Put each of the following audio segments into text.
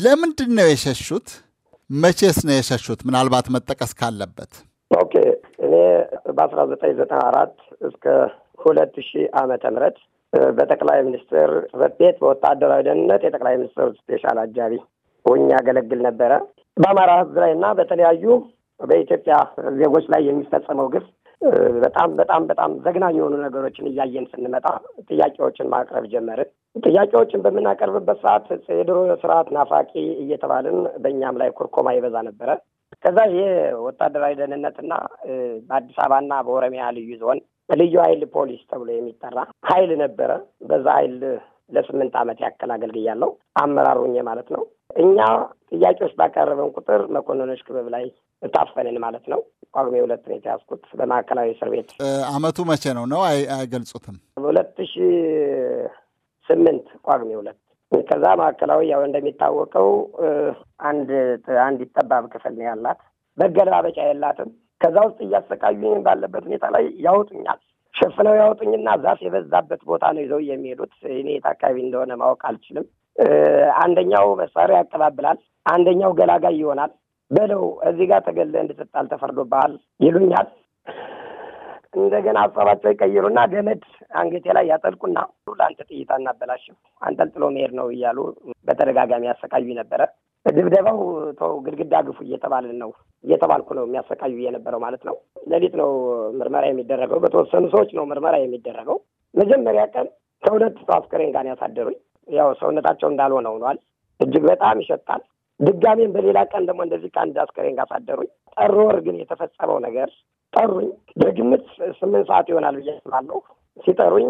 ለምንድን ነው የሸሹት? መቼስ ነው የሸሹት? ምናልባት መጠቀስ ካለበት ኦኬ። እኔ በአስራ ዘጠኝ ዘጠና አራት እስከ ሁለት ሺህ ዓመተ ምህረት በጠቅላይ ሚኒስትር ጽሕፈት ቤት በወታደራዊ ደህንነት የጠቅላይ ሚኒስትር ስፔሻል አጃቢ ሆኜ ያገለግል ነበረ። በአማራ ህዝብ ላይ እና በተለያዩ በኢትዮጵያ ዜጎች ላይ የሚፈጸመው ግፍ በጣም በጣም በጣም ዘግናኝ የሆኑ ነገሮችን እያየን ስንመጣ ጥያቄዎችን ማቅረብ ጀመርን። ጥያቄዎችን በምናቀርብበት ሰዓት የድሮ ስርዓት ናፋቂ እየተባልን በእኛም ላይ ኩርኮማ ይበዛ ነበረ። ከዛ ይህ ወታደራዊ ደህንነትና በአዲስ አበባና በኦሮሚያ ልዩ ዞን ልዩ ኃይል ፖሊስ ተብሎ የሚጠራ ኃይል ነበረ። በዛ ኃይል ለስምንት ዓመት ያክል አገልግያለሁ። አመራሩኝ ማለት ነው። እኛ ጥያቄዎች ባቀረበን ቁጥር መኮንኖች ክበብ ላይ እታፈንን ማለት ነው። ጳጉሜ ሁለት ነው የተያዝኩት በማዕከላዊ እስር ቤት። አመቱ መቼ ነው ነው አይገልጹትም። ሁለት ሺ ስምንት ጳጉሜ ሁለት ከዛ ማዕከላዊ ያው እንደሚታወቀው አንድ አንድ ጠባብ ክፍል ነው ያላት፣ መገለባበጫ የላትም። ከዛ ውስጥ እያሰቃዩኝ ባለበት ሁኔታ ላይ ያውጡኛል። ሸፍነው ያወጡኝና ዛፍ የበዛበት ቦታ ነው ይዘው የሚሄዱት። እኔ የት አካባቢ እንደሆነ ማወቅ አልችልም። አንደኛው መሳሪያ ያቀባብላል፣ አንደኛው ገላጋይ ይሆናል። በለው እዚህ ጋር ተገለ እንድትጣል ተፈርዶብሃል ይሉኛል። እንደገና ሀሳባቸው ይቀይሩና ገመድ አንገቴ ላይ ያጠልቁና ለአንተ ጥይታ እናበላሽም አንጠልጥሎ መሄድ ነው እያሉ በተደጋጋሚ ያሰቃዩ ነበረ። ድብደባው ተው ግድግዳ ግፉ እየተባልን ነው እየተባልኩ ነው የሚያሰቃዩ የነበረው ማለት ነው። ሌሊት ነው ምርመራ የሚደረገው፣ በተወሰኑ ሰዎች ነው ምርመራ የሚደረገው። መጀመሪያ ቀን ከሁለት ሰው አስከሬን ጋር ያሳደሩኝ፣ ያው ሰውነታቸው እንዳልሆነ ሆኗል። እጅግ በጣም ይሸጣል። ድጋሜን በሌላ ቀን ደግሞ እንደዚህ ከአንድ አስከሬን ጋር አሳደሩኝ። ጥር ወር ግን የተፈጸመው ነገር ጠሩኝ፣ በግምት ስምንት ሰዓት ይሆናል ብዬ ስላለሁ ሲጠሩኝ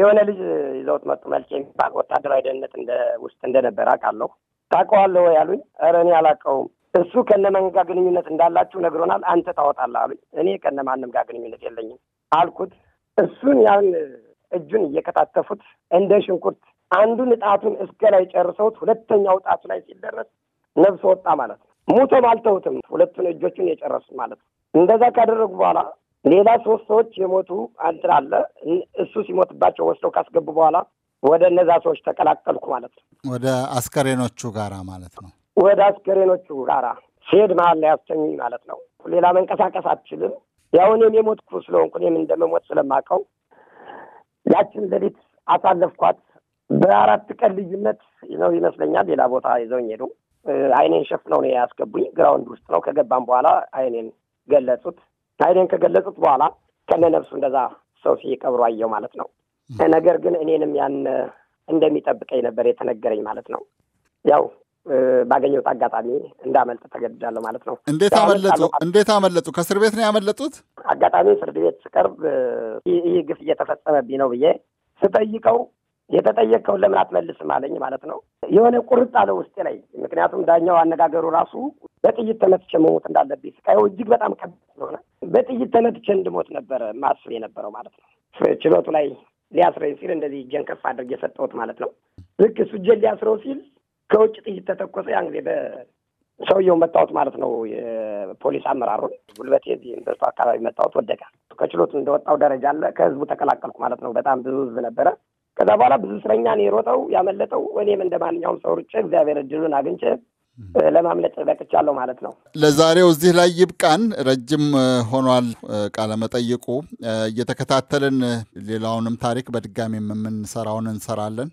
የሆነ ልጅ ይዘውት መጡ። መልቼ የሚባል ወታደራዊ ደህንነት ውስጥ እንደነበረ አውቃለሁ። ታውቀዋለህ ወይ አሉኝ። ኧረ እኔ አላውቀውም። እሱ ከነማን ጋር ግንኙነት እንዳላችሁ ነግሮናል፣ አንተ ታወጣለህ አሉኝ። እኔ ከነማንም ጋር ግንኙነት የለኝም አልኩት። እሱን ያን እጁን እየከታተፉት እንደ ሽንኩርት አንዱን እጣቱን እስከ ላይ ጨርሰውት ሁለተኛው እጣቱ ላይ ሲደረስ ነፍስ ወጣ ማለት ነው። ሙቶም አልተውትም። ሁለቱን እጆቹን የጨረሱት ማለት ነው። እንደዛ ካደረጉ በኋላ ሌላ ሶስት ሰዎች የሞቱ አንትን አለ። እሱ ሲሞትባቸው ወስደው ካስገቡ በኋላ ወደ እነዛ ሰዎች ተቀላቀልኩ ማለት ነው። ወደ አስከሬኖቹ ጋራ ማለት ነው። ወደ አስከሬኖቹ ጋራ ሲሄድ መሀል ላይ ያስተኙኝ ማለት ነው። ሌላ መንቀሳቀስ አትችልም። ያው እኔም የሞትኩ ስለሆንኩ እኔም እንደመሞት ስለማውቀው ያችን ሌሊት አሳለፍኳት። በአራት ቀን ልዩነት ነው ይመስለኛል ሌላ ቦታ ይዘውኝ ሄዱ። አይኔን ሸፍነው ነው ያስገቡኝ። ግራውንድ ውስጥ ነው። ከገባም በኋላ አይኔን ገለጹት። አይኔን ከገለጹት በኋላ ከነ ነፍሱ እንደዛ ሰው ሲቀብሩ አየው ማለት ነው። ነገር ግን እኔንም ያን እንደሚጠብቀኝ ነበር የተነገረኝ ማለት ነው። ያው ባገኘሁት አጋጣሚ እንዳመልጥ ተገድጃለሁ ማለት ነው። እንዴት አመለጡ? እንዴት አመለጡ? ከእስር ቤት ነው ያመለጡት? አጋጣሚ ፍርድ ቤት ስቀርብ ይህ ግፍ እየተፈጸመብኝ ነው ብዬ ስጠይቀው የተጠየቅከውን ለምን አትመልስም አለኝ ማለት ነው። የሆነ ቁርጥ አለ ውስጤ ላይ። ምክንያቱም ዳኛው አነጋገሩ ራሱ በጥይት ተመትቼ መሞት እንዳለብኝ ስቃዩ እጅግ በጣም ከብ ስለሆነ በጥይት ተመትቼ እንድሞት ነበረ ማስብ የነበረው ማለት ነው። ችሎቱ ላይ ሊያስረኝ ሲል እንደዚህ እጄን ከፍ አድርጌ የሰጠሁት ማለት ነው። ልክ እሱ እጄን ሊያስረው ሲል ከውጭ ጥይት ተተኮሰ። ያን ጊዜ በሰውየው መታወት ማለት ነው። የፖሊስ አመራሩን ጉልበቴ በሱ አካባቢ መታወት ወደቀ። ከችሎቱ እንደወጣው ደረጃ አለ። ከህዝቡ ተቀላቀልኩ ማለት ነው። በጣም ብዙ ህዝብ ነበረ። ከዛ በኋላ ብዙ እስረኛ ነው የሮጠው ያመለጠው። እኔም እንደ ማንኛውም ሰው ሩጬ እግዚአብሔር እድሉን አግኝቼ ለማምለጥ በቅቻለሁ ማለት ነው። ለዛሬው እዚህ ላይ ይብቃን። ረጅም ሆኗል ቃለመጠይቁ። እየተከታተልን ሌላውንም ታሪክ በድጋሚ የምንሰራውን እንሰራለን።